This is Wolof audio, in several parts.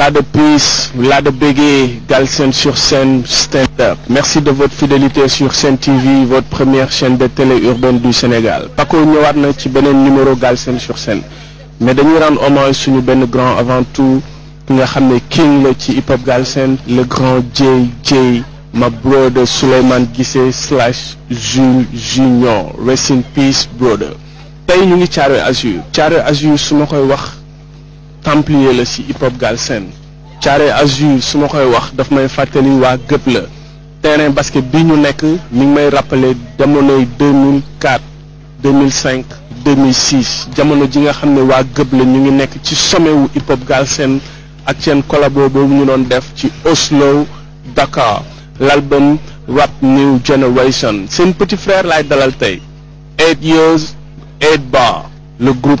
Là de Peace, l'a de Bégué, Galsen sur scène, Stand Up. Merci de votre fidélité sur scène TV, votre première chaîne de télé urbaine du Sénégal. Paco ñëwaat na ci beneen numéro Galsen sur scène mais nous rendre hommage suñu benn grand avant tout nous nga king hip hop Galsen le grand JJ, ma brother Souleymane c'est slash Jules Junior racing in peace brother. tey ñu Azur Thiaroye Azur templier la si hip hop Galsen Thiaré Azur su ma koy wax daf may fàttali waa gëpp la terrain basket bi ñu nekk mi ngi may rappeler jamonoy 2004 2005 2006 jamono ji nga xam ne waa gëb la ñu ngi nekk ci sommet wu hip hop Galsen ak seen collabo boobu ñu doon def ci Oslo Dakar l'album Rap New Generation seen petit frère laay dalal tey eight years eight bar le groupe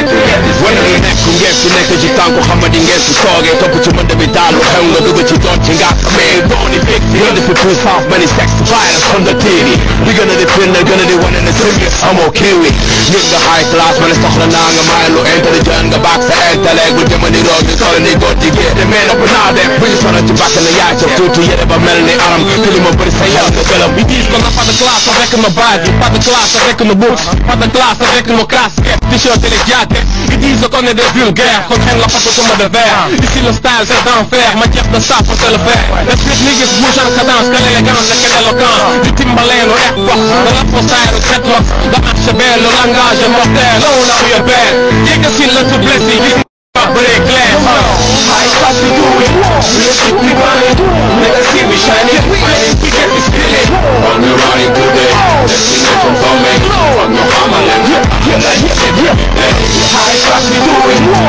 def ku nekk ci tànku xamadi ngeen su toogee topp ci mën bi daal lu xew nga dugg ci doon ci nga mais boo ni bég yéen dafi puissance ma ni sexe violence on the TV di gën a di firnde gën a di wane ne serious amoo kiiwi ñun nga high class ma ne soxla naa nga maay lu it nga baag sa intellect bu dema ni roog di sol ni góor jigéen te mais nopp naa eh. def bu ñu sonal ci bàkk na yaay ca tuuti yére ba mel ni aram te li ma bëri sa yàlla nga gëlëm bi diis ba nga fàtte classe avec ma badge fàtte classe avec ma the class. classe avec ma casquette t-shirt et les jaquettes ils disent qu'on est des vulgaires guerre Contraigne la façon qu'on me devait Ici le stage est d'enfer Matière de sable pour se lever Les street niggas bougent en cadence Quelle élégance et quelle éloquence Du Timbaland au Air Force De l'adversaire au dreadlocks oh, La marche est belle, le langage est mortel Là où la rue est belle Quelqu'un signe le tout blessé Il pas brûlé clair I can't be doing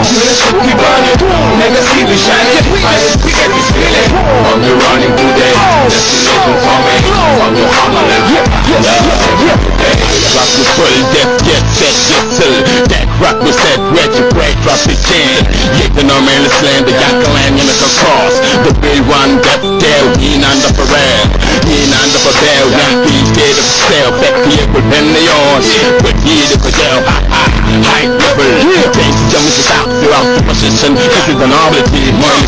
we burning Niggas see we shining Fighters, we get this feeling On the running today Destination coming On the homeland Rock with full death get set, get till That rock was that red, you break, drop the chain Yet the normal slam, the yakalan, you make a cross The real one, that tail, in under for real In under for bail, not be scared of sale Back to you, put them the yours Put you to jail, ha ha Hype, yeah. take Jamaica you're out for money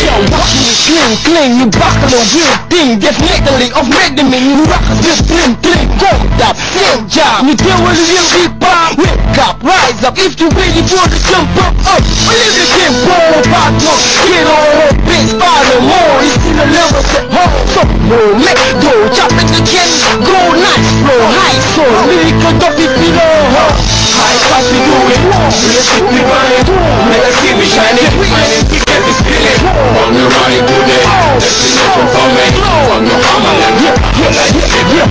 Yo, watch me cling, cling, you buckle a weird thing legally me, you rock this bling, bling Go that, same job, you deal with a real big bomb Wake up, rise up, if you ready for the jump up, up Leave the game, roll, pop, no, get on, bitch, follow more You see the lyrics at home, so, roll, make, go, chop the again, go, nice, flow, high, so Lyrical, don't be below, huh? High class we do it Real shit we run it Nigga see we shining Mining we get this feeling On the run it do that Destination for me On the yeah, yeah.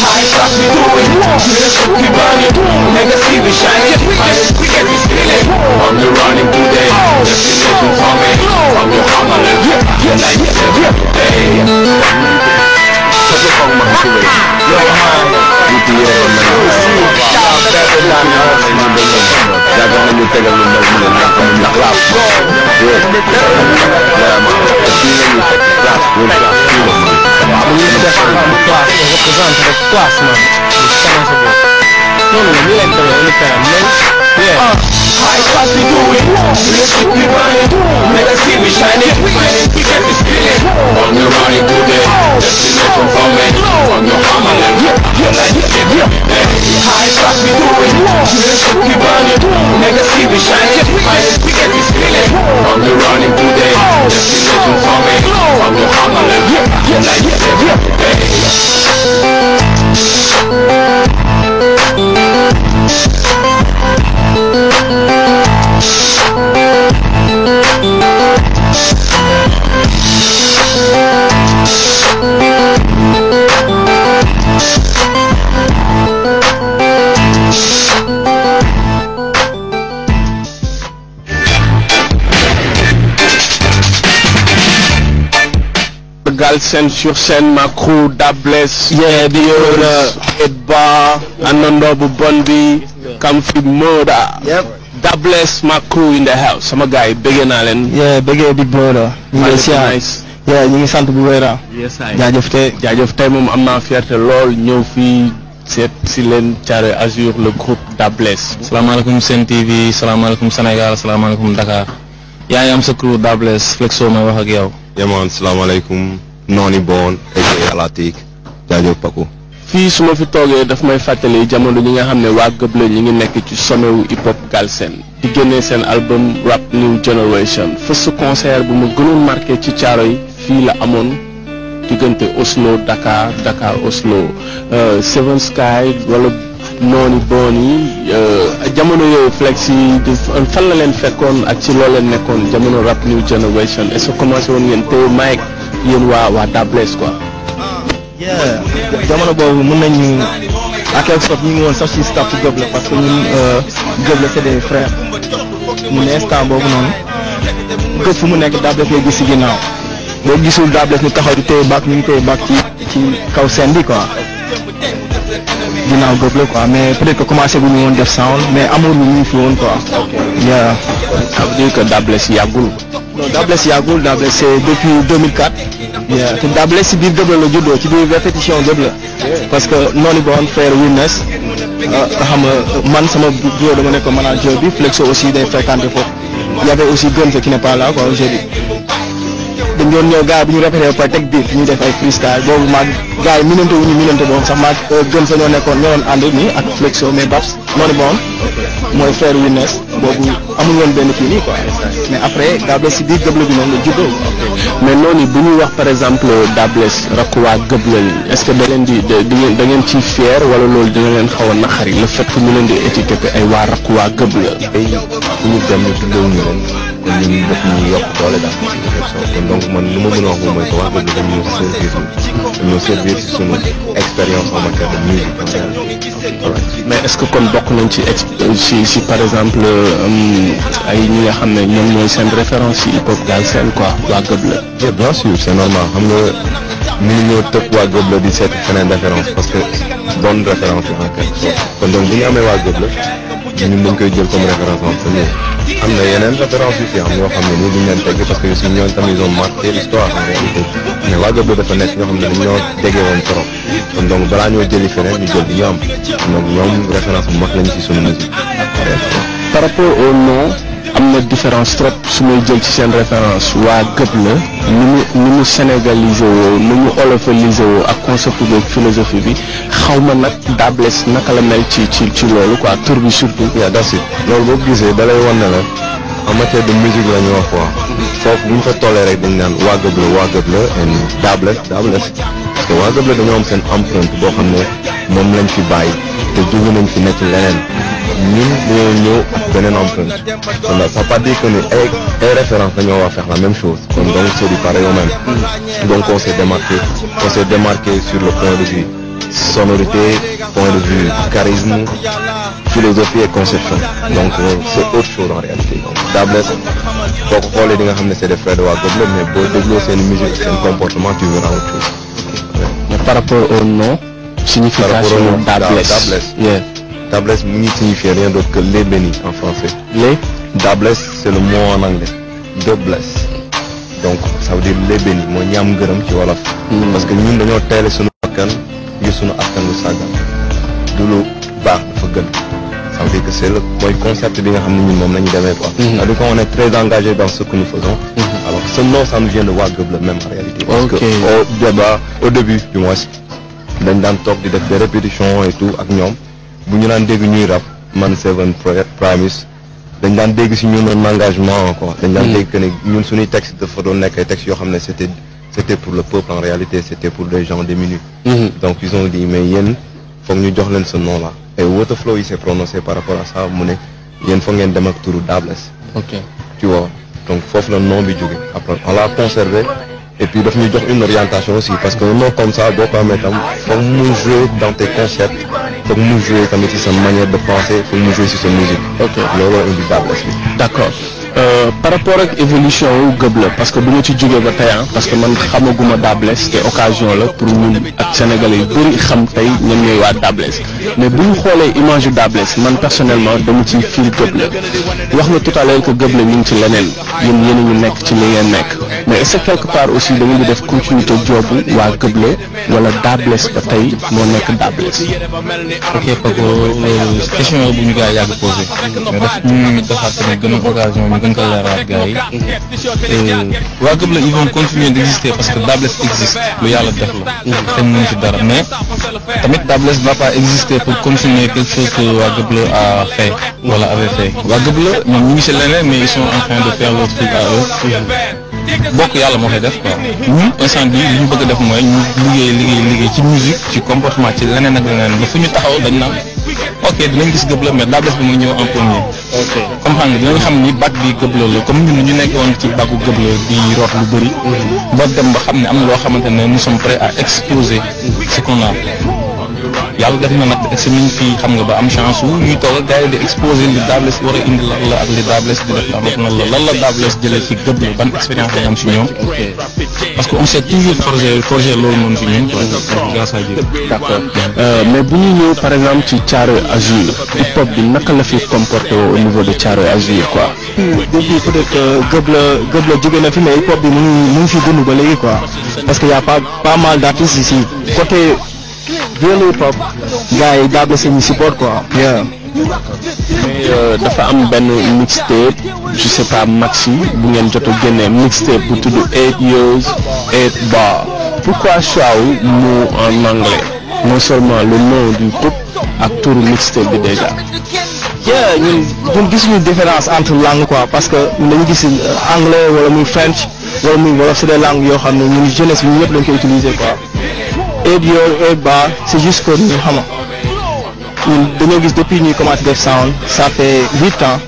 High class we do it Real shit we run it Nigga see we shining Mining we get this feeling On the run it do that Destination for me On the yeah, yeah, yeah. Só You favor, uma coisa aí. Mentira, You Já gonna me take a little bit You not gonna be clap. Yeah, man. The feeling is clap, we're clap, feeling, man. I believe that I'm class, I represent the class, man. The stands of it. No, no, we ain't gonna look man. Yeah. Uh, I can't be doing let keep it running Let us see me shining We get this feeling On the running today Destination for me On your Like family I can't be doing Let's keep it running Let us see me shining We get this feeling On the running today Destination for me On your family Yeah, yeah, yeah, yeah, yeah. Galsen sur scène ma crew Dables. yeah di yóbbu bi kam fi Moda. Dables sama gars yi bëggee naa leen. yeah bëggee bi Bodo. ñu ngi siyaar yeah ñu ngi sant bu wér a. jaajëf tey jaajëf tey moom am naa fierté lool ñëw fii. seet si leen Thiaroye Azur le groupe Dables. salaamaaleykum Sen TV salaamaaleykum Sénégal salaamaaleykum Dakar. yaa ngi am sa crew Dables Flexo may wax ak nooni boon ay say xalaatiik jaajëf Paco fii su ma fi toogee daf may fàttali jamono ñi nga xam ne waa Gëble ñi ngi nekk ci sommet wu hip hop Galsen di génnee seen album Rap New Generation fës concert bu ma gënoon marqué ci caaro yi fii la amoon diggante Oslo Dakar Dakar Oslo euh, Seven wala nooni boon euh, jamono yooyu flex yi fan la leen fekkoon ak ci loo leen nekkoon jamono Rap New Generation est-ce que commencé woon ngeen téye mic yéen waa waa Dablessed quoi. jamono boobu mën nañu à quelque sorte ñu woon sax si staff Gëble parce que ñun Gëble euh, c'est des frères ñun instant boobu noonu gëf fu mu nekk Dablessed ngay gis si ginnaaw boo gisul Dablessed ñu taxaw di téye baag ñu ngi téye baag ci ci kaw seen bi quoi ginnaaw Gëble quoi mais peut-être que commencé bu ñu woon def sound mais amour bi ñu fi woon quoi. yaa ça veut dire que Dablessed yàggul. non Dablessed yàggul Dablessed c'est depuis bien te Dable si biir Dëbla la juddoo ci biir répétition Dëbla parce que noonu bon frère Winners ah, nga xam man sama bureau dama nekk manager bi Flexo aussi day fréquenté foofu y avait aussi Gonza qui n'est bi ñu répété ba pare ñu def ay freestyle boobu maag gars yi minante wu ñu minante boobu sax euh, nekkoon ñoo doon ànd nii ak Flexo mais Babs noonu bon mooy frère Winners boobu amul woon benn kii nii quoi mais après Dable si biir Dëbla bi noonu la juddoo mais noonu bu ñuy wax par exemple Dabless rakk waa gëb lañ est-ce que da leen di da ngeen ciy fier wala loolu dina leen xaw a naqari le fait que ñu leen di étiqueté ay waa rakk waa gëb la. ay ñu dem dundewuñu leen. kon ñun daf ñuy yokk doole daal kon donc man li ma mën a wax moom mooy que wax dëgg dañoo servir dañoo servir si sunu expérience en matière de musique mais est ce que kon bokk nañ ci ex si si par exemple euh, ay ñi nga xam ne ñoom ñooy seen référence si hip hop daal seen quoi waa gëb la. oui eh, bien sûr c' est normal xam nga mënu ñoo tëb waa gëb la di seet feneen référence parce que bonne référence la en quelque sorte kon donc bu ñu amee waa gëb la ñun dañ koy jël comme référence en premier. am na yeneen référence yu fi am yoo xam ne nii duñ leen tegg parce que aussi ñooñu tamit ils ont marqué l'histoire waa Gabou dafa nekk ñoo xam ne dañoo jege trop kon donc balaa ñoo jëli feneen ñu jël ñu am donc ñoom référence bu mag lañu ci sunu musique par rapport au nom am na différence trop su may jël ci seen référence waa gëb la ni mu ni mu sénégalisé woo ni mu olofalisé woo ak concept beeg philosophie bi xaw ma nag dables naka la mel ci ci ci loolu quoi tur bi surtout. yaa das it loolu boo gisee da lay wan ne la en matière de musique la ñu wax quoi. foofu bu ñu fa tollee rek dañ naan waa gëb la waa gëb la and dables dables parce que waa gëb la dañoo am seen empreinte boo xam ne moom lañ fi bàyyi te jóge nañ fi nekk leneen. Nous n'a nous en pas dit que nous, ay ay référence faire la même chose donc c'est du pareil au même donc on s'est démarqué on s'est démarqué sur le point de vue sonorité point de vue charisme philosophie et conception donc euh, c'est autre chose en réalité donc Dabless pour les xoolee di nga c'est des frères de Waa Goblin mais boo c'est une musique un comportement tu verras autre chose. mais par rapport au nom signification Dabless Dabless ne signifie rien d'autre que les bénis en français. Les Dablesse, c'est le mot en anglais. Dabless. Donc, ça veut dire les bénis. Moi, ñam vois ci wolof. Hmm. Parce que ñun dañoo teele suñu bakkan nous suñu askan de saga. D'où l'eau, baax de gën. ça veut dire que c'est le point concept de nga ñun la ñu quoi. Hmm. est très engagé dans ce que nous faisons. Hmm. alors ce nom ça nous vient de voir Gëb la même en réalité. parce que au début du mois dañ daan des répétitions et tout avec nous bu ñu daan dégg ñuy rap man Seven promise. dañ daan dégg si ñun un engagement quoi. dañ daan hmm. dégg que ne ñun suñuy texte dafa doon nekk ay textes yoo xam ne c'était c'était pour le peuple en réalité c'était pour des gens démunis. Hmm. donc ils ont dit mais yéen foog ñu jox leen ce nom là. et Waterflow il s'est prononcé par rapport à ça mu ne yéen foog ngeen dem ak turu dables. ok tu vois donc foofu la nom bi jóge après on l'a conservé. et puis daf ñu jox une orientation aussi parce que un nom comme ça boo ko amee tam foog mu jouer dans tes concepts. foog mu jouer tamit ci sa manière de penser foog mu jouer ci sa Euh, par rapport ak évolution wu gëb la parce que bu ma ci jógee ba tey ah, parce que man xamaguma Dablessed te occasion la pour ñun ak sénégalais yu bëri xam tey ñoom ñooy waa Dablessed mais bu ñu xoolee image yu Dablessed man personnellement dama ci fiil gëb la wax na tout à l'heure que gëb la ñu ngi ci leneen yéen yéen ñu nekk ci li ngeen nekk mais est-ce quelque part aussi da ngeen di def continuité joobu waa gëb la wala Dablessed ba tey moo nekk Dablessed. Euh, bu ñu a occasion Et ko ils vont continuer d'exister parce que Dables existe lu yàlla def la mais tamit Dables va pas exister pour continuer quelque chose que waa a fait Voilà avait fait waa nous c'est ñoom mais ils sont en train de faire leur truc à eux bokk yàlla moo koy def quoi ñun instant bi li ñu bëgg def mooy ñu liggéey liggéey liggéey ci musique ci comportement ci leneen ak leneen ba ñu taxaw dañ naan ok dinañ gis gëbloo mais daa bés bi mu ñëw en premier. ok comme xam nga dinañ xam ni bac bi gëbloo la comme ñun ñu nekk woon ci bagu gëbloo di root lu bëri. Mhm. ba dem ba xam ne am na loo xamante ne nous sommes prêts à exploser ce qu'on a. yàlla def na nag ñu fii xam nga ba am chance wu ñuy toog ak gars yi di exposé li Dablessed war a indi lan la ak li Dablessed di def na la lan la Dablessed jëlee ci gëb ban expérience la am si ñoom. parce que on s'est toujours forgé forgé loolu noonu si ñun quoi. grâce à Dieu. d'accord euh, mais bu ñu ñëw par exemple ci Thiaroye Azur hip hop bi naka la fi comporté au niveau de Thiaroye Azur quoi. Hmm, dégg peut être euh, gëb la gëb la jóge na fi mais hip hop bi mu ngi mu ngi fi dund ba léegi quoi parce que y a pas pas mal d'artistes ici côté. real hip hop gars yi daa seen support quoi. yeah. Euh, dafa am benn mixtape je sais pas maxi bu ngeen jot a génnee mixtape bu tudd eight years eight bar pourquoi choix mot en anglais non seulement le nom du groupe ak turu mixtape bi déjà. yeah ñun gis gisuñu différence entre langue quoi parce que dañu gis euh, anglais wala muy french wala muy wolof langues yoo xam ne ñun jeunesse bi ñëpp lañ koy utiliser quoi. aide yor aide bas c' que ñu xam ñun dañoo gis depuis ñuy commencé def sound ça fait huit ans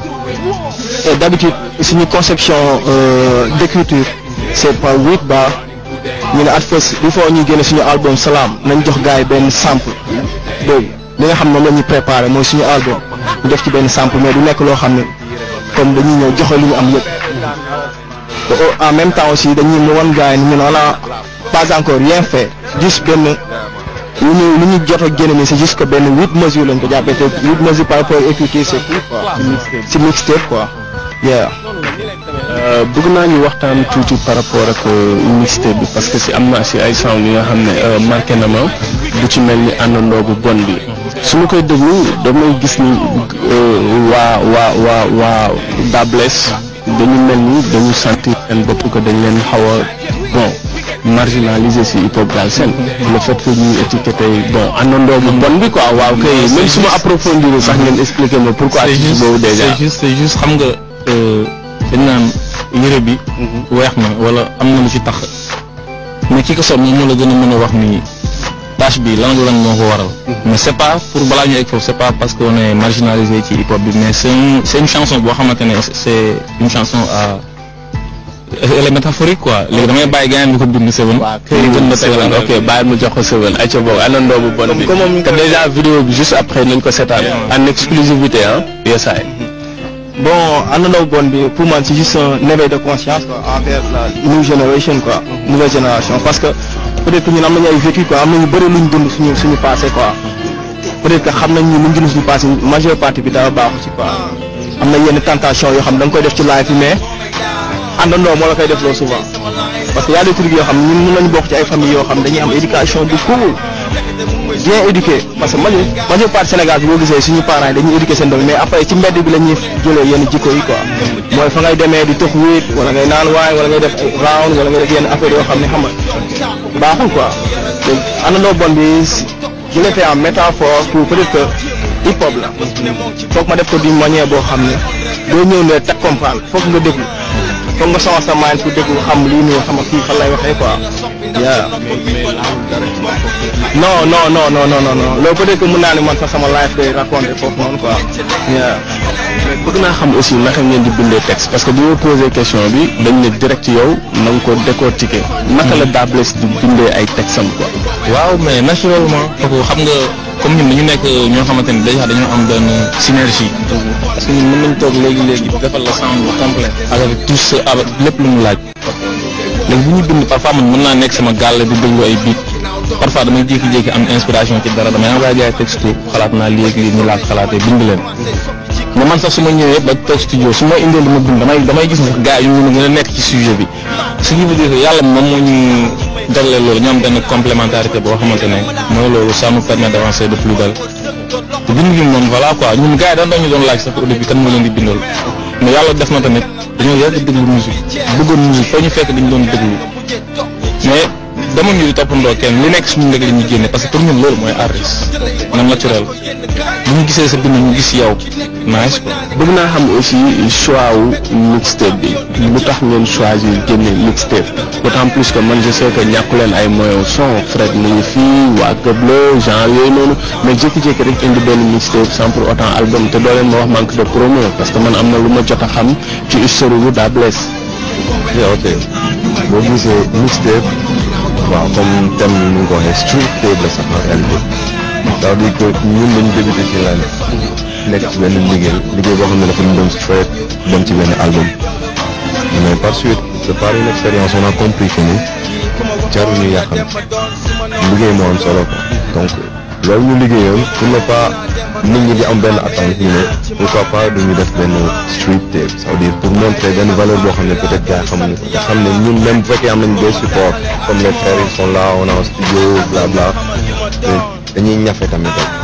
et d' habitude suñu conception euh, d' écriture c' est par huit bas ñu ne at first il faut ñu génne suñu album salaam nañ jox gars yi benn sample dégg li nga xam moom la ñuy préparé mooy suñu album ñu def ci benn sample mais du nekk loo xam ne comme dañuy ñëw joxe lu mu am yëpp en même temps aussi dañuy mu wan gars yi ni ñu pas encore rien fait juste benn lu ñu jot a génne c'est juste que benn huit mesures lañ ko jàppee te huit mesures par rapport équité si mixtape quoi yeah euh, bëgg naa ñu waxtaan tuuti par rapport ak euh, mixtape bi parce que si am na si ay son yi nga xam ne euh, marqué na ma bu ci mel ni àndandoo bu bon bi su ma koy déglu damay gis ni waa waa waa waa Dabless dañu mel ni dañu sentir seen bopp que dañ leen xaw a bon marginaliser si hip hop Galsen le fait que nous étiqueté bon àndandoo bu bon bi quoi waaw kay même si ma approfondir sax ngeen expliquer ma pourquoi tu dis boobu déjà c'est juste c'est juste xam nga euh dañ nan yere bi mhm. wex na wala am na lu ci tax mais ki ko sol ñoom ñoo la gëna mëna wax ni tâche bi lan lan moko waral mhm. mais c'est pas pour balaa ñu egg foofu c'est pas parce qu'on est marginalisé ci hip hop bi mais c'est une c'est une chanson bo xamantene c'est une chanson à e métaphorique quoi léegi damay bàyyi gars yi ñu ko bind sëwën gën ma sëwën ok bàyyi mu jox ko sëwën acca boobu anandoo bu bon bi te déjà vidéo bi juste après nañ ko seetaan en exclusivité hein yesaay bon anandoo bu bon bi pour man c'est juste un éveil de conscience quoi envers la new generation quoi nouvelle génération parce que peut-être que ñun am nañu ay vécu quoi am nañu bëri luñ dund suñu suñu passé quoi peut-être que xam nañ ñu luñ dund suñu passé majeure partie bi dara baaxu ci quoi ah. am na yenn tentation yoo xam da nga koy def ci live mais àndandoo moo la koy defloo souvent parce que y a des trucs yoo xam ñun mën nañu bokk ci ay famille yoo xam dañuy am éducation du fou bien boo xam ne boo xam ne doo ñëw ne teg comprendre foog nga déglu foog nga soxal sa mind ku déglu xam lii nii xam kii fan lay waxee quoi. yaa non non non non non non loolu naa ne man sax sama life day raconter foofu noonu quoi. yaa mais naa xam aussi naka ngeen di bindee texte parce que bi ma posé question bi dañ ne direct yow na nga ko décortiquer. naka la Dablessed di bindee ay textes am quoi. waaw mais naturellement. kooku xam nga. comme ñun dañu nekk ñoo xamante dañoo am benn synergie. parce que ñun mën nañ toog léegi léegi defal la sound complet avec tout ce avec lépp lu mu laaj. léegi bu ñu dund parfois man mën naa nekk sama gàll di déglu ay biit parfois damay jékki-jékki am inspiration ci dara damay envoyé gars yi texte xalaat naa léegi lii ñu laaj xalaatee bind leen. mais man sax su ma ñëwee ba toog studio su ma indee lu ma bind damay damay gis ne gars yi ñu ngi nekk ci sujet jagleel loolu ñu am benn complémentarité boo xamante ne mooy loolu ça nous permet d' avancer de plus belle te bind bi moom voilà quoi ñun gars yi dañ doon ñu doon laaj sax au début kan moo leen di bindal mais yàlla def na tamit dañoo yàgg déglu musique bëggoon musique foo ñu fekk dañu doon déglu mais dama ñu di kenn li nekk suñu ndeg la génne parce que pour ñun loolu mooy artiste na naturel bu ñu gisee sa bind ñu gis yow nice quoi. bëgg naa xam aussi choix wu mixtape bi lu tax ngeen choisir génne mixtape d'autant plus man je sais que ñàkku leen ay moyens son Fred mu ngi fii waa Këble genre yooyu noonu mais jékki-jékki rek indi benn mixtape sans pour autant album te doo leen ma wax manque de promo parce que man am na lu ma jot a xam ci histoire bu Da Bless. ok boo gisee mixtape waa comme thème bi ñu ngi ko waxee street tape la sax en réalité. c'est-à-dire que ñun dañu débuté ci lenn. nekk ci benn liggéey liggéey boo xam ne dafa ñu dem straight dem ci benn album mais par suite c'est par une expérience on a compris que ni jarul ñu yàqal liggéey moo am solo ko donc loolu ñu liggéeyoon pour ne pas nit ñi di am benn attente ñu ne pourquoi pas duñu def benn street tape c'est-à-dire pour montrer benn valeur boo xam ne peut-être gars xamuñu ko te xam ne ñu même bu fekkee am nañ des supports comme les frères a un studio bla bla dañuy ñafe tamit rek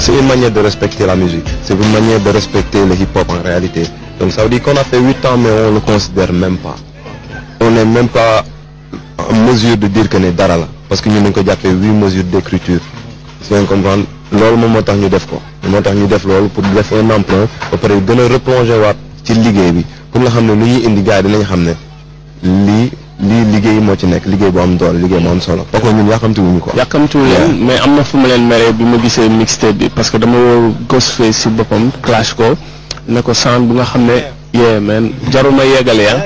C'est une manière de respecter la musique. C'est une manière de respecter le hip-hop en réalité. Donc ça veut dire qu'on a fait 8 ans, mais on ne le considère même pas. On n'est même pas en mesure de dire qu'on est Darala. Parce que nous avons déjà fait 8 mesures d'écriture. Si incompréhensible. comprend, lors nous avons fait ça. Nous avons fait ça pour faire un emploi, pour replonger dans le travail. Comme nous savons, nous avons fait lii liggéey moo ci nekk liggéey boo am doole liggéey moo am solo parce que ñun yàkkamtiwuñu ko yàkkamtiwu mais am na fu ma leen meree bi ma gisee mixtape bi parce que dama woo Ghostface si boppam clash ko ne ko sound bu nga xam ne yee jaruma yeggale ah.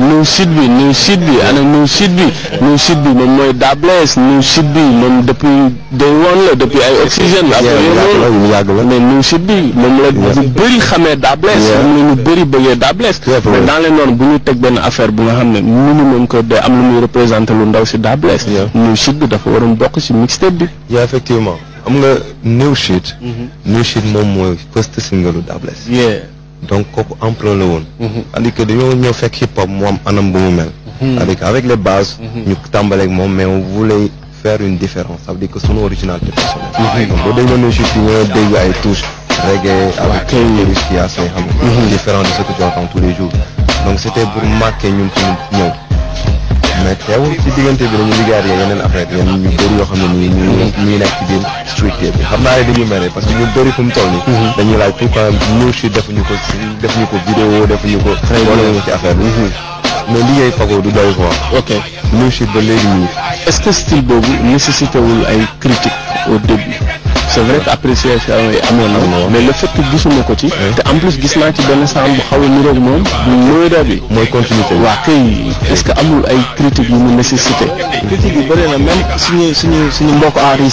new site bi new site bi ana new site bi new site bi moom mooy Dabless new site bi moom depuis day woon la depuis ay oxygène la. yàgg la mais new site bi moom la ñu bëri xamee Dabless. moom la ñu bëri bëggee Dabless. mais dans les normes bu ñu teg benn affaire bu nga xam ne minimum que day am lu muy représenté lu ndaw si Dabless. new site bi dafa mu bokk si mixtape bi. effectivement am nga new site. Mm-hmm. new site moom mooy first single lu donc kooku emprunt la woon c'est-à-dire mhm. que dañoo ñëw fekk hip hop mu am anam bu mu mel mhm. c'est-à-dire que avec le bases mhm. ñu tàmbaleeg moom mais on voulait faire une différence ça veut dire que sunu originalité personnelle donc boo déggoon dégg ay touches reggae avec les risques yi assez xam différent de ce que tu entends tous les jours donc c'était pour marquer ñun suñu xew ci diggante bi dañu liggéeyaat yee yeneen affaire yeneen ñu bëri yoo xam ne ñu ñu nekk ci biir street bi xam naa ne dañuy mere parce que ñu bëri fu mu toll nii mhm. dañuy laaj pourquoi ñëw si defuñu ko defuñu ko vidéo defuñu ko wala ci affaire bi mhm. mais liggéey fago du doy quoi ok ñëw si ba léegi nii est-ce que boobu nécessité ay critique au début c' est vrai que appréciation yi amoon na. mais le gisuma ko ci. te en plus gis naa ci benn saam bu xaw a niroog moom. mooy daal bi mooy continuité bi. waa kay est ce que amul ay critiques yu mu nécessité. critique yi bëri na même suñu suñu suñu mbokk ne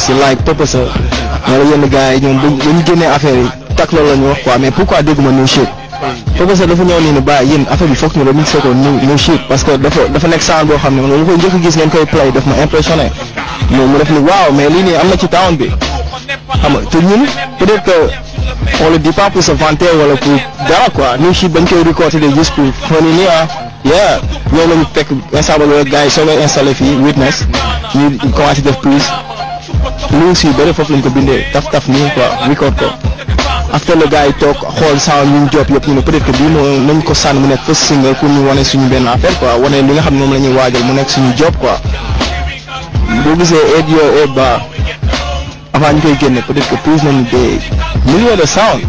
ba que dafa dafa nekk sound boo ne man lu gis ngeen koy play daf ma impressionné. mais mu def ni waaw mais lii nii am na ci town bi. xam nga te ñun peut être que on di dit pas pour se vanter wala pour dara quoi ñu ngi si bañ koy récolter de juste pour fan yii nii ah. yeah ñoo lañu fekk instant boobu gars yi soo leen installé fii witness ñu commencé def plus lu si bëri foofu lañ ko bindee taf taf nii quoi record ko. after le gars yi toog xool sans ñu job yëpp ñu ne peut être que bii moom nañ ko sànn mu nekk first single pour ñu wane suñu benn affaire quoi wane li nga xam ne moom la ñuy waajal mu nekk suñu job quoi. boo gisee aide avant ñu koy génne peut-être que plus nañu des milliers de sound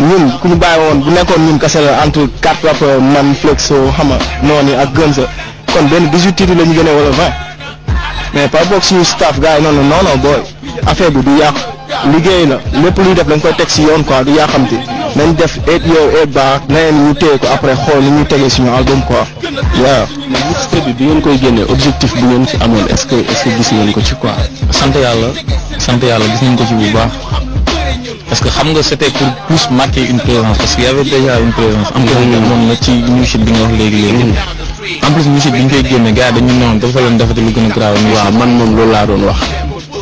ñun ku ñu bàyyi woon bu nekkoon ñun kase la entre quatre rappeurs man Flexo xama noonu ak Gënsa kon benn 18 titres la ñu génne wala 20 mais par rapport suñu staff gars yi noonu non non booy affaire bi du yàqu liggéey la lépp luy def da nga koy teg si yoon quoi du xam te nañ def et yow et baax leneen ñu téye ko après xool ni ñu tegee suñu album quoi waaw. mixte bi bi ngeen koy génnee objectif bi ngeen ci amoon est est ce que gis ngeen ko ci quoi. sant yàlla sant yàlla bi nañ ko ci bu baax parce que xam nga c' pour plus marquer une présence parce que y' avait déjà une présence. am na ñu amoon na ci musique bi nga wax léegi léegi. en plus musique bi ñu koy génne gars yi dañu ne dafa leen defati lu gën a grave. man moom loolu laa doon wax.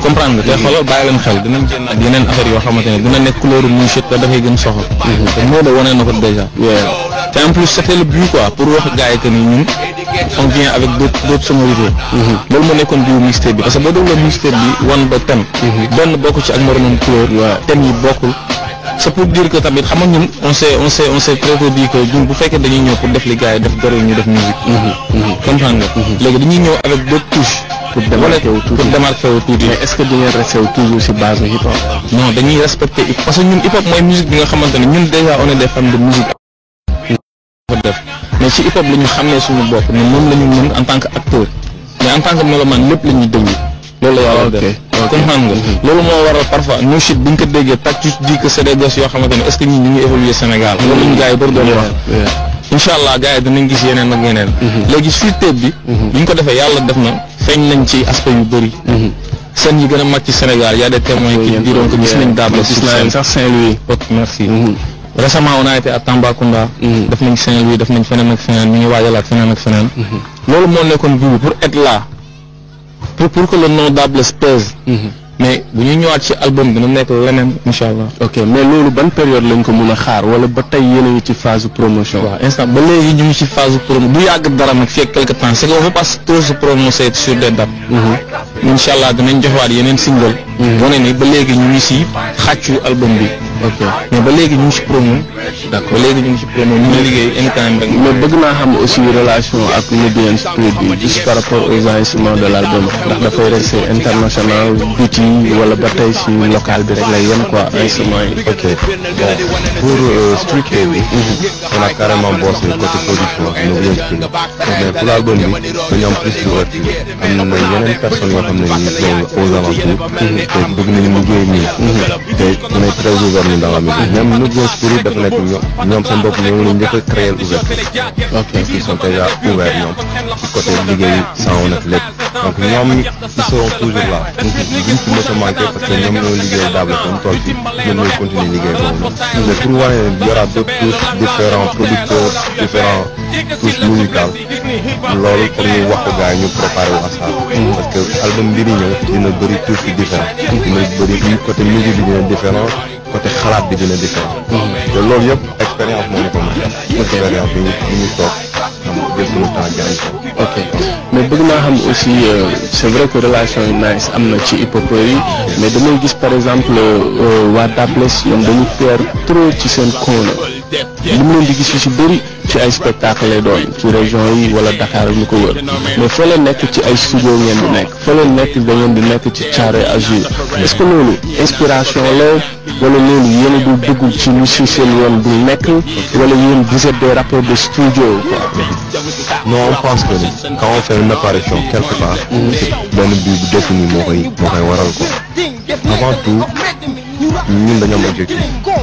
comprendre nga te xoolal bàyyi leen xel dinañ génn nekk couleur muy chute te dafay gën soxal mhm. moo da wane na ko déjà te en plus c'était le but pour wax gars yi que ni on vient avec d'autres d'autres sonorités mhm. loolu moo nekkoon diwu mixtape bi parce que boo dégloo mixtape bi wan ba thème mhm. benn bokk ci ak moromam couleur thème yi bokkul c'est pour dire que tamit xam nga on s'est on s'est on s'est très tôt dit bu fekkee dañuy ñëw pour def li gars yi def ñu def musique comprendre pour démarquer wu tuuti pour démarquer wu tuuti mais est ce toujours si base hip hop. non dañuy respecté parce que ñun hip hop mooy musique bi nga xamante ñun déjà on est des fans mais si hip hop la ñu xamee suñu bopp ne moom la ñu en tant acteur mais en tant que mélomane lépp la loolu la yàlla def comprendre nga mhm. loolu moo waral parfois no shit bi nga déggee tactus di que c'est des yoo xamante ne que ñii ñu ngi évoluer Sénégal loolu ñu gars yi bëri doon wax incha allah gars yi dinañ gis yeneen ak yeneen. Mhm. léegi suite bi. Mhm. bi ñu ko defee yàlla def na feeñ nañ ci aspect yu bëri. Mhm. seen yi gën a mag ci Sénégal y a des témoins qui diront que gis nañ Daba sax Saint-Louis. ok merci. récemment on a été à Tambacounda. def nañ Saint-Louis def nañ feneen ak feneen ñu ngi waajalaat feneen ak feneen. loolu moo nekkoon bi pour être là pour que le nom Daba pèse. mais bu ñu ñëwaat ci album bi nu nekk leneen incha allah. ok mais loolu ban période lañ ko mën a xaar wala ba tey yéen a ngi ci phase promotion. instant ba léegi ñu ngi ci phase promo du yàgg dara nag fii quelque temps c'est que on trop se prononcer sur des dates. Mhm. incha allah dinañ joxwaat yeneen single. Mhm. wane ni ba léegi ñu ngi si xàccu album bi. mais ba léegi ñu ngi si promo. d'accord ba léegi ñu ngi si promo mais bëgg naa xam aussi relation ak Nubian yi wala ba tey si local bi rek lay yem quoi instrument yi. ok bon pour euh, Street Day bi. on a carrément bossé côté production ak ñoom ñoom mais pour l'album bi dañoo am plus d'ouverture am na yeneen personnes yoo xam ne ñu ngi aux alentours. te bëgg nañu liggéey ñoom ñoom seen bopp a créé ouverture. ok liggéey sans woon ak lépp ñoom ils seront toujours là. mës a manqué parce que ñoom ñoo liggéey daable comme tool bi ñoom ñooy continuer liggéey boobu noonu. mais pour wane leen y aura d'autres différents producteurs différents couches musicales loolu pour ñu wax ko gars ñu préparé wu à ça. parce que album bi di ñëw dina bëri couche yu différent. dina bëri côté musique bi dina différent côté xalaat bi dina différent. te loolu yëpp expérience moo ñu ko mën. expérience bi ñu ñu toog xam nga jël suñu temps jëriñ ko. ok. mais bëgg naa xam aussi euh, c'est vrai que relation yu nice am na ci hip yi mais damay gis par exemple euh, euh, waa Dapless ñoom dañu fier trop ci seen koona li mu leen di gis yu si bëri ci ay spectacle doon ci région yi wala Dakar ñu ko wër mais fa la nekk ci ay studio ngeen di nekk fa la nekk da ngeen di nekk ci Thiaroye Azur est-ce que loolu inspiration la wala loolu yéen a du dugg ci lu si seen yoon du nekk wala yéen vous êtes des de studio quoi. non on pense que quand on fait une apparition quelque part. benn bii bu défini moo koy waral ko avant tout ñun dañoo am objectif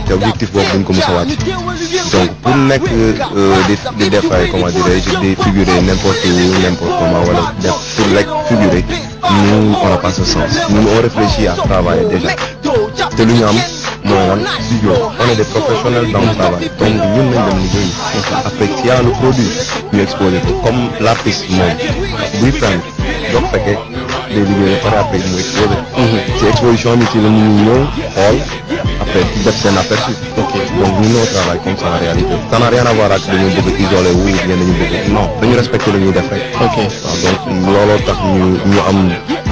te objectif boobu dañ ko mos a wàcc donc pour nekk euh, di di def ay comment dirais-je di figurer n'importe où n'importe comment wala def pour lekk figurer nous on n'a pas ce sens nous on réfléchit à travailler déjà te lu ñu am moo on est des professionnels dans le travail donc ñun lañ dem liggéey a le produit ñu exposé ko comme l'artiste moom buy fenn donc fekkee day li ba pare après ñu ci exposition bi ci la ñu ñëw xool après def seen aperçu. ok donc ñun ñoo travail a ça en réalité. ça n'a rien à voir ak dañu bëgg isolé wu ñu dañu bëgg. non dañu respecté lu ñuy def rek. ok waaw donc looloo ñu ñu am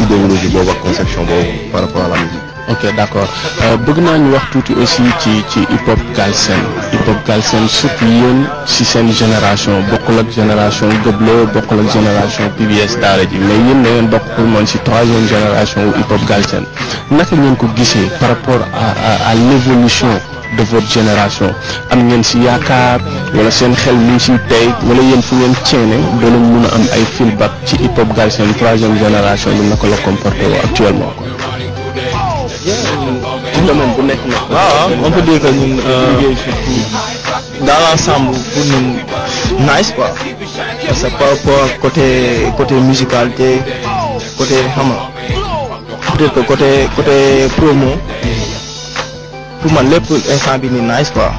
idéologie boobu ak conception boobu par rapport à la musique. ok d' accord euh, bëgg naa ñu wax tuuti aussi ci ci hip hop Galsen hip hop Galsen surtout yéen si seen génération bokkul ak génération Goblo bokkul ak génération PBS daara ji mais yéen da ngeen bokk pour moom si troisième génération wu hip hop Galsen naka ngeen ko gisee par rapport à à l' évolution de votre génération am ngeen si yaakaar wala seen xel mi ngi tey wala yéen fu ngeen ceene dana mun a am ay feedback ci hip hop Galsen troisième génération bi naka la comporté woo actuellement. ci domaine bu nekk nag. waaw ah. on peut dire ñun. Euh, ah. liggéey fii dans l'ensemble pour ñun nice quoi. parce que par rapport côté côté musicalité côté xam peut-être côté côté promo. pour man lépp instant bi ni nice quoi.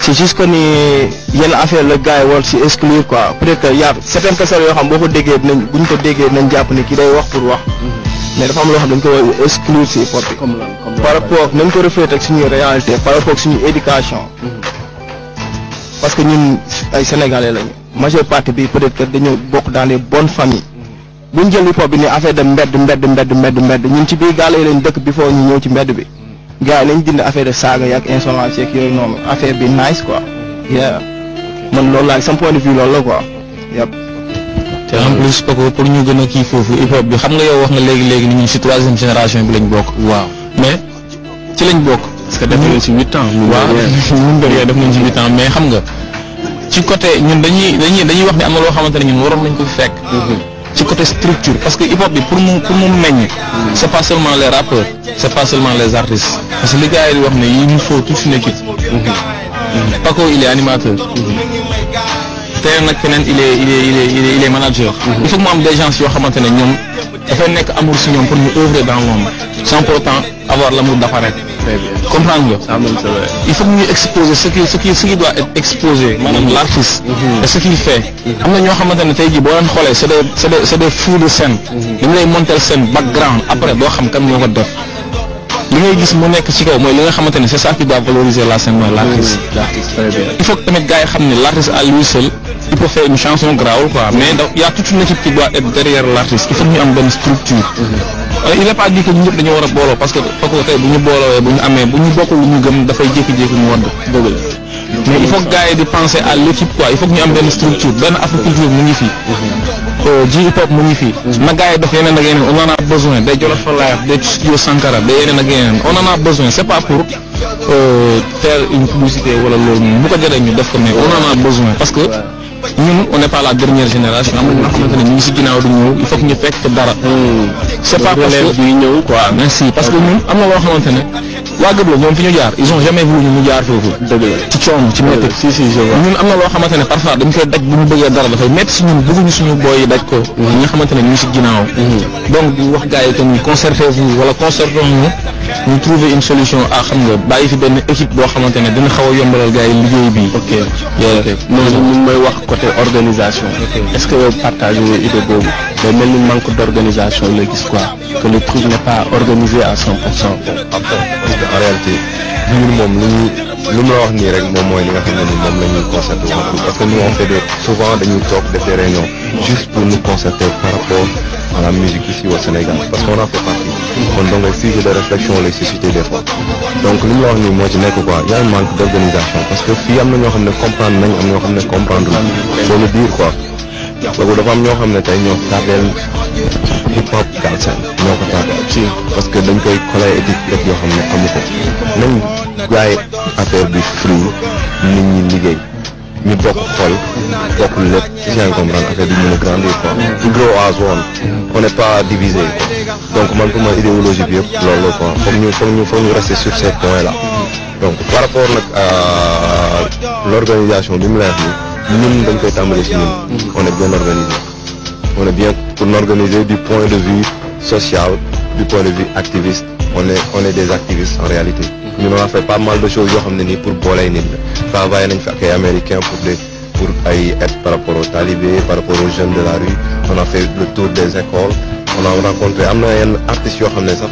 c'est juste que ni yenn affaire la gars yi war si exclure quoi peut-être que y a certaines personnes yoo xam boo ko déggee dinañ ko déggee dinañ jàpp ni ki day wax pour wax. mais dafa am loo xam dañ ko exclure si sport bi. comme par rapport nañ ko refléter ak suñuy réalité par rapport ak suñuy éducation. Mm-hmm. parce que ñun ay sénégalais lañu. majeure partie bi peut-être que dañoo bokk dans bon bonnes familles. Mm-hmm. bu ñu jël hip hop bi ni affaire de mbedd mbedd mbedd mbedd mbedd ñun ci biir gaale yi dëkk bi foo ñu ñëw ci mbedd bi. Mm-hmm. gars yi nañ dindi affaire de saaga yi ak insolence yeeg yooyu noonu affaire bi nice quoi. yeah man loolu laa sama point de vue loolu la ko yëpp. te en plus kooku pour ñu gën a kii foofu hip hop bi xam nga yow wax nga léegi léegi ni ñun si troisième génération bi lañ bokk. waaw mais ci lañ bokk. parce que def nañ si xam nga ci côté ñun dañuy dañuy wax ne am na loo xamante ne ñun waroon nañ ko fekk. Mm-hmm. ci côté parce que hip hop bi pour mm-hmm. les rappeurs. c' est pas seulement les artistes. il faut mm-hmm. animateur. te nag feneen il est il est il est il est manager. Mhm. il faut que mu am des gens yoo xamante ne ñoom dafay nekk amour si pour nous ouvrir dans le monde sans pour avoir l'amour d'apparaître. très bien comprendre nga. Ah, il faut que ñu exposer ce qui ce qui ce qui doit être exposé. maanaam mhm. l'artiste. Mhm. et ce qu'il fait. am na ñoo xamante ne tey jii boo leen c'est des c'est des c'est des fous de scène. dañu lay monter scène background après doo xam kan ñoo ko li ngay gis mu nekk ci kaw mooy li nga xamante ne c'est ça doit valoriser la scène mooy l'artiste. il faut tamit gars yi xam ne l'artiste à lui il peut faire une chanson grave quoi mais da y a toute une équipe qui doit être derrière l'artiste il faut ñu am benn structure. Mhm. Euh, il n'est pas dit que ñu ñëpp dañoo war a booloo parce que bu ñu boolowee bu ñu amee bu ñu bokkul lu ñu gëm dafay jékki-jékki mu wadd. mais il faut que gars yi di penser à l'équipe quoi il faut ñu am benn structure benn agriculture mu ngi fii. ji euh, hip hop mu ngi fii. na gars yi def yeneen ak yeneen on en a besoin day Jolof Live day studio day yeneen ak yeneen on en a besoin c'est pas pour euh, faire une publicité wala loolu moom bu ko jëlee ñu def ko mais on en besoin parce que. ñun on n'est la dernière génération am na ñoo xamante ñu ngi si ginnaaw di ñëw il faut ñu fekk waa Gëbloo ñoom fi ñu jaar ils ont jamais voulu ñu jaar foofu. ci coono ci métti. si si ñun am na loo xamante ne parfois dañ koy daj bu ñu bëggee dara dafay métti si ñun bëgguñu suñu booy yi daj ko. Mhm. ñi nga xamante ñu si ginnaaw. Mhm. donc di wax gars yi que ni concertez-vous wala concertons ñu trouver une solution a xam nga bàyyi fi benn équipe boo xamante ne dina xaw a yombalal gars yi liggéey bi. ok ok wax côté organisation. est-ce que yow partage idée boobu. day que le truc n'est pas organisé à 100% en réalité nous, nous lu ñu lu rek parce que nous on fait des souvent des des réunions juste pour nous concerter par rapport à la musique ici au Sénégal parce qu'on en fait partie on donc des sujets de réflexion lay suscité des fois donc nous on la wax je n'ai pas. Il y a un manque d'organisation parce que si am na ne comprend nañ am ñoo ne comprendre pas faut le dire quoi donc dafa am ne tey pas pop Galsen ñoo ko ci parce que dañ koy collé étiquette yoo xam ne amu ko nañ jaay affaire bi free nit ñi liggéey ñu bokk xol bokk lépp si yaa ngi comprendre affaire bi mën a grandir quoi. to grow as one. on n'est pas divisé donc man pour ma idéologie bi yëpp loolu la quoi foog ñu foog ñu foog ñu rester sur ces points là. donc par rapport nag à l' organisation bi mu lay wax ñun dañ koy tàmbali si ñun. on est bien organisé. on est bien pour organiser du point de vue social, du point de vue activiste. On est, on est des activistes en réalité. Mhm. Nous avons fait pas mal de choses pour Bolay Travailler avec les Américains pour les pour être par rapport aux talibés, par rapport aux jeunes de la rue. On a fait le tour des écoles. On a rencontré un artiste. artistes yoo xam ne sax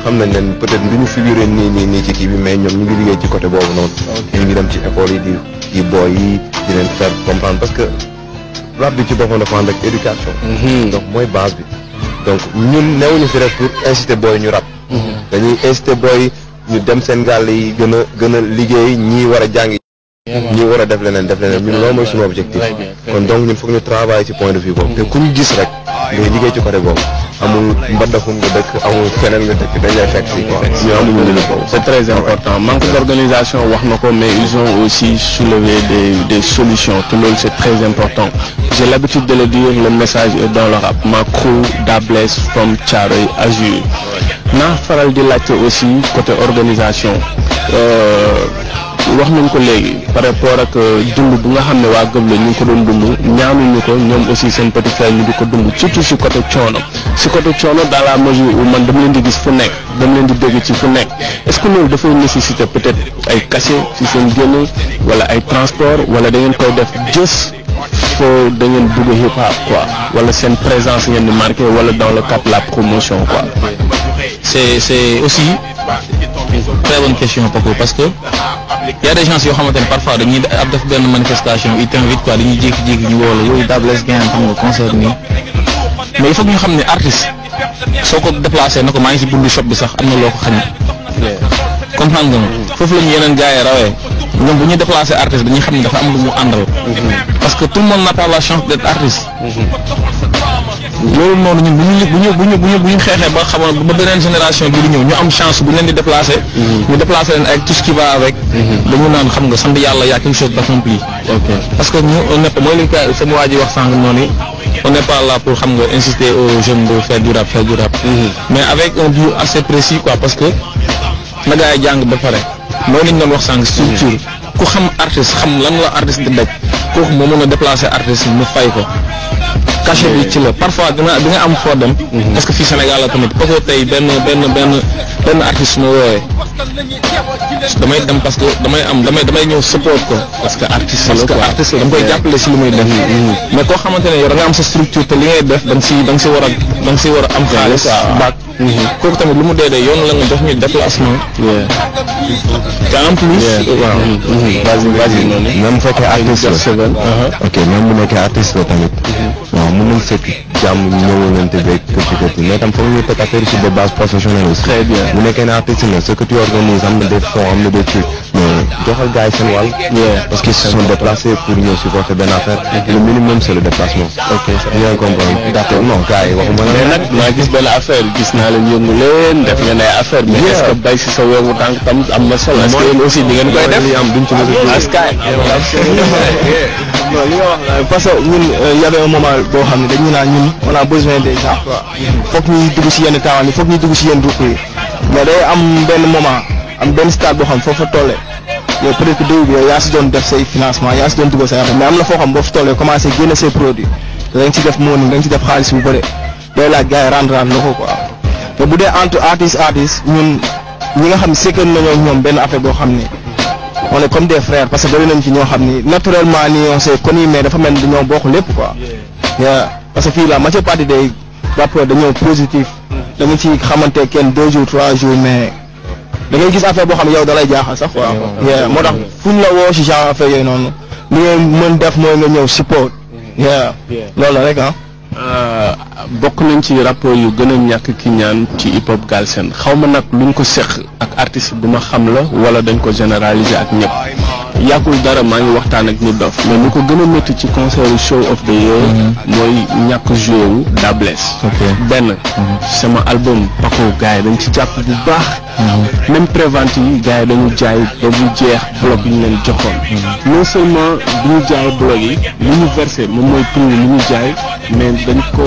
peut-être nous ñu qui ni ni nii mais ñoom ñu ngi liggéey ci côté boobu noonu. ñu ngi dem ci école di di booy yi faire comprendre parce que. rab bi ci boppam dafa mhm. mooy base bi. donc ñun newuñu fi rek pour inciter booy ñu rab. Mhm. dañuy inciter booy ñu dem seen gàll yi gën a gën a liggéey ñii war a jàng. ñii war a def leneen def leneen ñun loolu mooy suñu objectif. kon donc ñun foog ñu travailler ci point de vue boobu. te ku ñu gis rek. Ah, ngay liggéey ci côté boobu. amul nga dëkk amul feneen nga dëkk dañ lay fekk ko c'est très important manque d'organisation wax na ko mais ils ont aussi soulevé des des solutions te loolu c'est très important. j'ai l'habitude de le dire le message est dans le rap ma crew Da Bless from Azur. naa faral di laajte aussi côté organisation. Euh, wax nañ ko léegi par rapport ak euh, dund bu nga xam ne waa gëm la ñu ngi ko doon dund ñaanuñu ko ñoom aussi seen petit frère ñu di ko dund surtout si côté coono si côté coono dans la mesure man dama leen di gis fu nekk dama leen di dégg ci fu nekk est-ce que loolu dafay nécessiter peut-être ay cachet si seen génn wala ay transport wala da ngeen koy def jës foo da ngeen bëgg hip hop quoi wala seen présence ngeen di marqué wala dans le cadre la promotion quoi. c'est c'est aussi une très parce que. y a des gens yoo xamante parfois dañuy def benn manifestation ils t'invitent quoi dañuy jékki-jékki ñu woo la yooyu Dab Less Gang xam nga concert nii mais foofu la yeneen gars rawee ñoom bu ñuy déplacé artiste dañuy xam ne dafa am lu àndal mhm. parce que tout le monde n'a pas la chance d'être artiste mhm. loolu noonu ñun bu ñu bu ñu bu ñu bu ñu bu ñu xeexee ba xamoon ba beneen génération bi di ñëw ñu am chance bu ñu leen di déplacé. Mhm. ñu déplacé leen avec tout ce qui va avec. Mhm. dañu naan xam nga sant yàlla yaa quelque chose d'accompli. ok parce que ñu on est mooy li ka sama waa ji wax sànq noonu on n'est pas là pour xam nga insister aux jeunes de faire du rap faire du rap. Mhm. mais avec un but assez précis quoi parce que na gars yi jàng ba pare mooy li ñu doon wax sànq structure ku xam artiste xam lan la artiste di daj kooku moo mën a déplacé artiste mu fay ko. cachet bi ci la parfois dina di nga am foo dem. parce mhm. que fii Sénégal la tamit Paco tey benn benn benn benn artiste ma wooyee damay dem parce que damay am damay damay ñëw support ko. parce que artiste la quoi parce que dama koy lu muy def. Mhm, mhm. mais koo xamante ne yow da nga am sa structure te li ngay def da nga si nga si war a da nga si war a Mhm. kooku tamit lu mu dee yoon la nga jox ñu déplacement. te en plus. waaw. base bi base bi noonu. même bu fekkee artiste la. ok même bu tamit. Mhm. waaw mën jàmm ñëwalante beeg këtt këtt mais tam foog ñu teg affaire sur des bases professionnelles aussi. très bien bu nekkee ne artiste na ce que tu organises am na des am na des trucs mais joxal gars yi parce que ils se sont déplacés pour ñëw supporter benn affaire. Mm-hmm. le minimum c' le déplacement. ok bien comprendre. d' accord non gars yi waxuma gis affaire gis naa leen yëngu leen def ngeen ay affaire mais est ce que bay si sa tam am na solo. est aussi di ngeen koy def mooy li am duñ ci mën a. non li nga wax la euh, parce que ñun euh, y moment boo xam ne dañu naan ñun on a besoin des gens quoi foog ñuy dugg si yenn tawaan yi foog ñuy dugg si yenn ruq yi mais day am benn moment am benn stade boo xam foofa tollee yow peut être que déglu yow yaa si doon def say financement yaa si doon dugg say affaire mais am na foo xam boo fi tollee commencé génne say produits da nga si def moon da nga si def xaalis bu bëri day laaj gars yi rendre rendre na ko quoi mais bu dee entre benn affaire boo xam ne. on est comme des frères parce que bëri nañ ci ñoo xam ni naturellement nii on s'est connu mais dafa mel ni dañoo bokk lépp quoi. parce que fii la majeure partie des rappeurs dañoo positif. da nga ci xamante kenn deux jours trois jours mais dangay gis affaire boo xam ne yow da lay jaaxal sax quoi. moo tax fu ñu la woo si genre affaire yooyu noonu li ngay mën def mooy nga ñëw support. Mm-hmm. loolu la rek ah. Euh, bokk nañ ci rapport yu gën a ñàkk ki ñaan ci hip hop Galsen xaw ma nag luñ ko seq ak artiste bu ma xam la wala dañ ko généraliser ak ñëpp. yàggul dara maa ngi waxtaan ak nit dof mais lu ko gën a métti ci concert show of the year mm-hmm. mooy ñàkk joué wu Da Bless benn mm-hmm. sama album Paco gars yi dañ ci jàpp bu baax mm-hmm. même prévente yi gars yi dañu jaay ba mu jeex blog yi ñu leen joxoon non seulement du ñu jaay blog yi li ñu versé moom mooy prix li ñu jaay mais dañ ko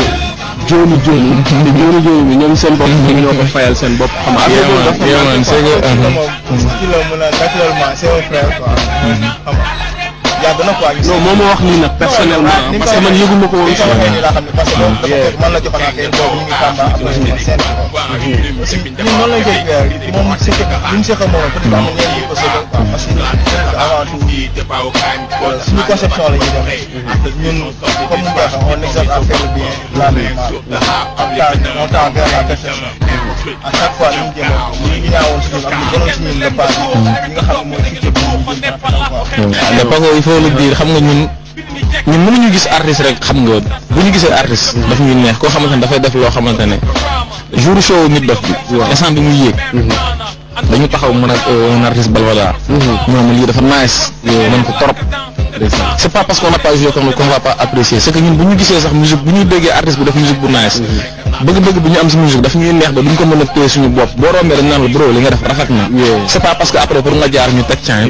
jóoni jóoni te jóoni jóoni bi ñoom seen bopp ñoom ñoo ko fayal seen bopp ah, mm-hmm. xam nga. yéen a yéen a c'est que. yàgg na quoi. non moom moo wax nii nag personnellement parce que man yëguma ko woon. parce que man la joxoon ak yéen boobu ñu ngi Tamba am na ñu seen aussi ñun noonu lañ koy moom c' est que buñ seqal moom peut être am na ñenn ñu ko seqal quoi xool ak biir xam nga ñun ñun ñu gis artiste rek xam nga bu ñu gisee artiste. daf ñuy neex koo xamante ne dafay def loo xamante ne jour show nit dof bi. waaw instant bi muy yéeg. Mhm. dañu taxaw mën a euh, un artiste Balbada. ñoom mhm. lii dafa nice. mën ko trop. c' est pas parce qu'on n'a pas joué qu'on qu'on pas apprécier c' que ñun bu ñu gisee sax musique bu ñu déggee artiste bi def musique bu nice bëgg-bëgg bi ñu am si musique daf ñuy neex ba duñ ko mën a téye suñu bopp boo rombee dañ ñu teg caan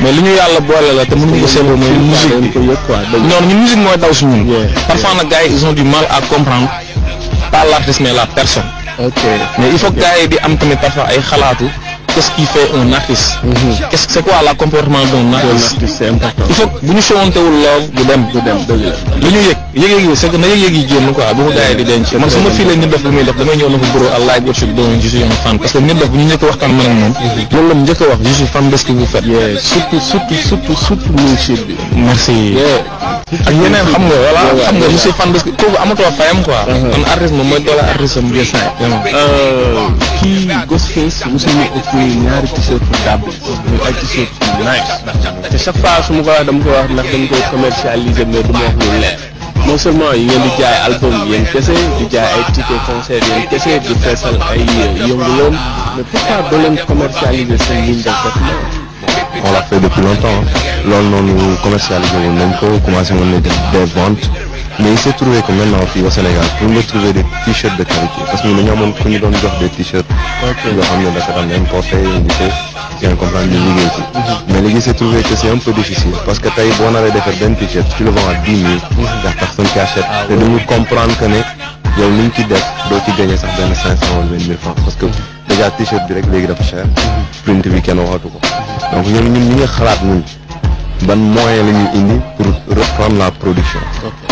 mais li ñu yàlla boole la te mënuñ ko seetlu mooy musique non ñun musique mooy daw si parfois nag gars yi mal à comprendre pas l' mais la personne mais il faut gars di am tamit parfois qu'est-ce qui fait un artiste. Mhm. qu'est-ce c'est quoi la comportement d'un c'est bu ñu sowantewul lool du dem du yëg yëg-yëg na yëg-yëg yi génn ko gars yi di denc. man su ma fii nit def lu muy def damay ñëw na ko bureau allah ak wërsëg doon je suis un fan. parce que nit def bu ñu njëkk a waxtaan man ak moom. Mhm. loolu mu njëkk a wax je suis fan de ce que vous faites. surtout surtout surtout surtout musique bi. merci. ak yeneen xam nga voilà xam nga monsieur Fane parce que kooku amatoo fayam quoi. kon artiste moom mooy doole artiste am bien euh, sûr. kii Ghostface mos nañu ëppee ñaari t-shirt table muy ay t-shirt yu te chaque fois su ma ko waxee dama ko wax ndax dañ koy commercialiser mais du ma wax lu leer non yi ngeen di jaay album yéen kese di jaay ay ticket concert yéen kese di feesal ay yëngu-yëngu mais pourquoi doo leen commercialiser seen ligne de vêtement on l'a fait depuis longtemps loolu noonu commercialisé woon nañ ko commencé woon nañ def des ventes mais il s'est trouvé que maintenant fii trouver des t-shirts de qualité parce que ñun dañoo amoon ku des t-shirts. ok yoo comprendre ñu liggéey que c'est un peu difficile parce que tey boo naree defar benn t-shirt tu le vends à dix mille. ndax mhm. personne qui achète. Ah comprendre que ne yow ni ñu ci def doo ci gagné sax benn cinq cent que. Mhm. déjà t-shirt bi rek léegi dafa cher print bi kenn waxatu ko donc ñoom ñun ñi nga xalaat ñun ban moyen la ñuy indi pour reprendre la production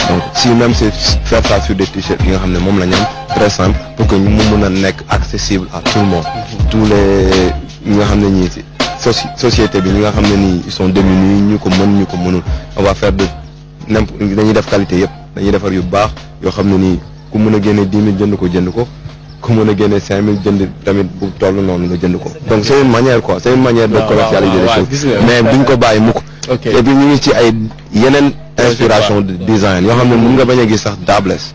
donc si même c'est faire ça sur des t-shirts yi nga xam ne moom la ñu am très simple pour que ñu mu mën a nekk accessible à tout le monde tous les ñi nga xam ne ñii si société bi ñi nga xam ne nii ils sont démunis ñu ko mën ñu ko mënul on va faire de dañuy def qualité yëpp dañuy defar yu baax yoo xam ne ku mën a génne jënd ko jënd ko ku mën a génne cinq mille jënd tamit bu toll noonu nga jënd ko donc c'est une manière quoi c'est une manière de commercialiser les choses mais duñ ko bàyyi mukk et puis ñu ngi ci ay yeneen inspiration design yoo xam ne mën nga bañ a gis sax Dabless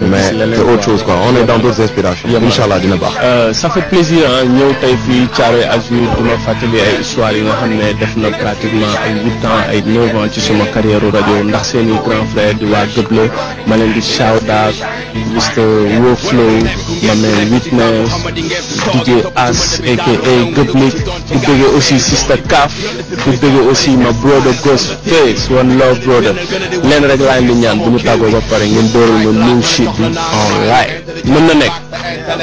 mais c'est autre chose quoi on est dans dina baax. Euh, ça fait plaisir ah ñëw tey fii Thiaroye Azur di ma fàttali ay histoire yi nga xam ne def na pratiquement ay huit ans ay neuf ans ci suma carrière rajo ndax seen grand frère di waa Gëble ma leen di shout out Mr Workflow ma mel Witness DJ As aka Gëble di déggee aussi Sister Kaf di déggee aussi ma brother Ghostface One Love brother leen rek laa leen di ñaan bu tagoo tàggoo ba pare ngeen dooral ma waaye mën na nekk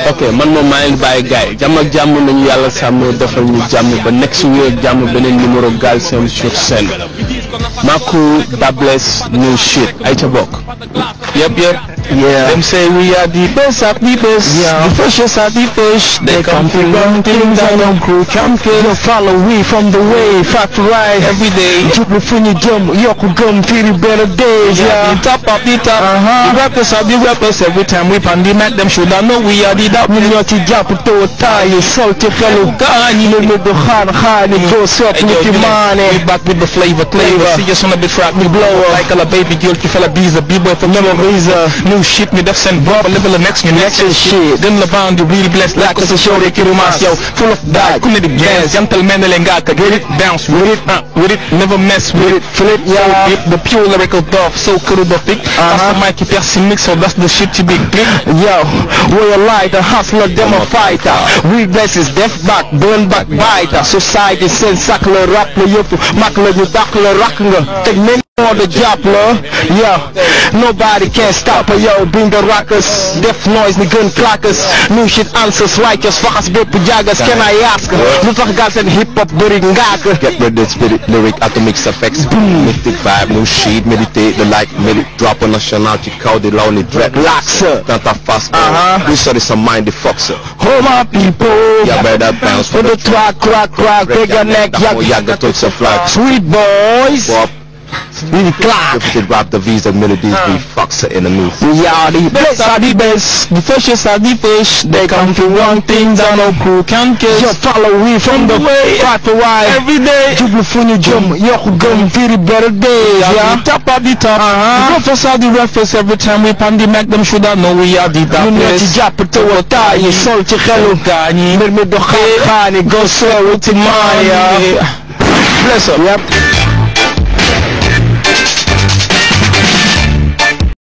ok man moom maa ngi bàyyi gars yi jàmm ak jàmm nañu yàlla sàmm defal ñu jàmm ba nekk si wéer jàmm beneen numéro Galsen sur Scène Maku Dabless no shit. Aicha Bok. Yep, yep. Yeah. Them say we are the best at the best. Yeah. The freshest at the fish. They, they come to run things I don't crew camping. You follow we from the way. Fact right every day. Triple funny drum. Yoko gum. Feel better days. Yeah. The top of the top. Uh huh. The rappers are the rappers. Every time we pan the mat, them should I know we are the that. Minyoti jap to tie. Salty fellow. Gani. the Khan Khan. It mm-hmm. go up with your money. Back with the flavor. Flavor just wanna be trapped me blow up like a baby girl fell fella biza b-boy for reason new shit me def send bro, level the next me next and shit then the bound you really blessed like us a show they kill mass yo full of die kunne the gas gentleman to get it bounce with it uh, with it never mess with it flip yeah so the pure lyrical dove so cherubopic uh-huh Mikey Percy mix so that's the shit you be big yo royal light a hustler demo fighter we bless is death back burn back biter society send sackler rap yo makler dakler rakler 对没？on the Doppler, yeah. Nobody can stop her, yo. Bring the rockers, death noise, ni gun New shit answers righteous, fuckers, bit pajagas. Can I ask her? Lu tax guys and hip hop during ngaka. Get rid of spirit, lyric, atomic effects. Boom. Mythic vibe, new shit, meditate the light, medic drop on nationality, cow the lonely dread. Laxer, tanta fast, uh huh. We saw this a mind the foxer. Home my people, yeah, better bounce for the track, crack, crack, your neck, yak, to the flag. Sweet boys. We klaar. de visa en melodies die ah. fucks in the news. We best are the best. The fishes are the fish. They come from wrong things and no crew can kiss. You follow we from the way. why. Every day. Jubel from jump. Yo, gum. Very better days. Yeah. Top of the top. Uh -huh. The are Every time we pan the Mac, them should I know we are the best. You know, you jump to a tie. Sol te hello Gani. khani. Go slow with the Bless up. Yep.